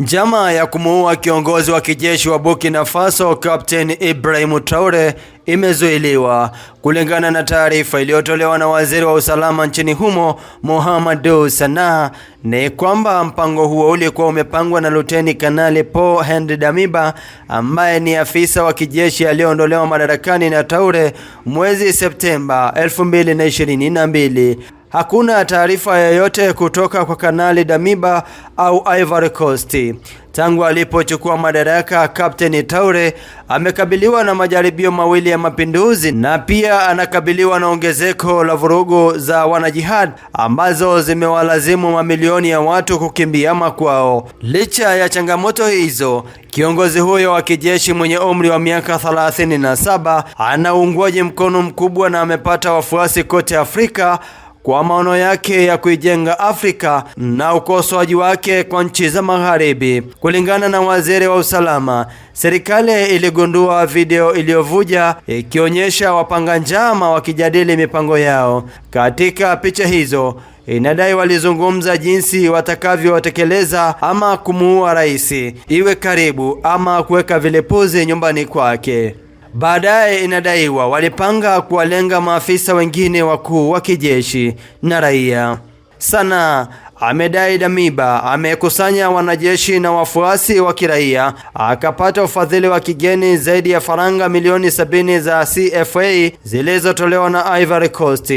Njama ya kumuua kiongozi wa kijeshi wa Burkina Faso Captain Ibrahim Traore imezuiliwa kulingana na taarifa iliyotolewa na waziri wa usalama nchini humo Mohamedou Sana, ni kwamba mpango huo ulikuwa umepangwa na Luteni Kanali Paul Henri Damiba ambaye ni afisa wa kijeshi aliyeondolewa madarakani na Traore mwezi Septemba 2022. Hakuna taarifa yoyote kutoka kwa Kanali Damiba au Ivory Coast. Tangu alipochukua madaraka, Kapteni taure amekabiliwa na majaribio mawili ya mapinduzi na pia anakabiliwa na ongezeko la vurugu za wanajihad ambazo zimewalazimu mamilioni ya watu kukimbia makwao. Licha ya changamoto hizo, kiongozi huyo wa kijeshi mwenye umri wa miaka 37 ana uungwaji mkono mkubwa na amepata wafuasi kote Afrika kwa maono yake ya kuijenga Afrika na ukosoaji wake kwa nchi za magharibi. Kulingana na waziri wa usalama, serikali iligundua video iliyovuja ikionyesha wapanga njama wakijadili mipango yao. Katika picha hizo inadai walizungumza jinsi watakavyotekeleza ama kumuua rais, iwe karibu ama kuweka vilipuzi nyumbani kwake. Baadaye inadaiwa walipanga kuwalenga maafisa wengine wakuu wa kijeshi na raia. Sanaa amedai Damiba amekusanya wanajeshi na wafuasi wa kiraia akapata ufadhili wa kigeni zaidi ya faranga milioni sabini za CFA zilizotolewa na Ivory Coast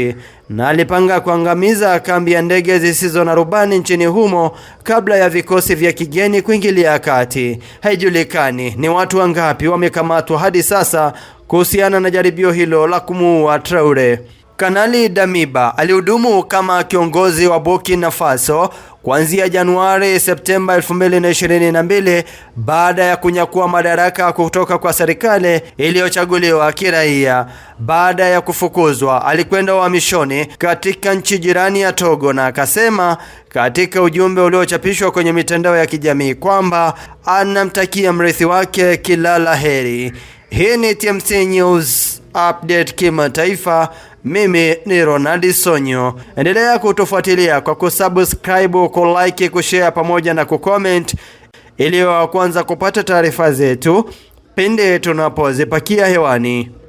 na alipanga kuangamiza kambi ya ndege zisizo na rubani nchini humo kabla ya vikosi vya kigeni kuingilia kati. Haijulikani ni watu wangapi wamekamatwa hadi sasa kuhusiana na jaribio hilo la kumuua Traore. Kanali Damiba alihudumu kama kiongozi wa Burkina Faso kuanzia Januari Septemba 2022 baada ya kunyakua madaraka kutoka kwa serikali iliyochaguliwa kiraia. Baada ya kufukuzwa, alikwenda uhamishoni katika nchi jirani ya Togo na akasema katika ujumbe uliochapishwa kwenye mitandao ya kijamii kwamba anamtakia mrithi wake kila la heri. Hii ni TMC News Update kimataifa. Mimi ni Ronald Sonyo. Endelea kutufuatilia kwa kusubscribe, kulike, kushare pamoja na kucomment ili wa kwanza kupata taarifa zetu pindi tunapozipakia hewani.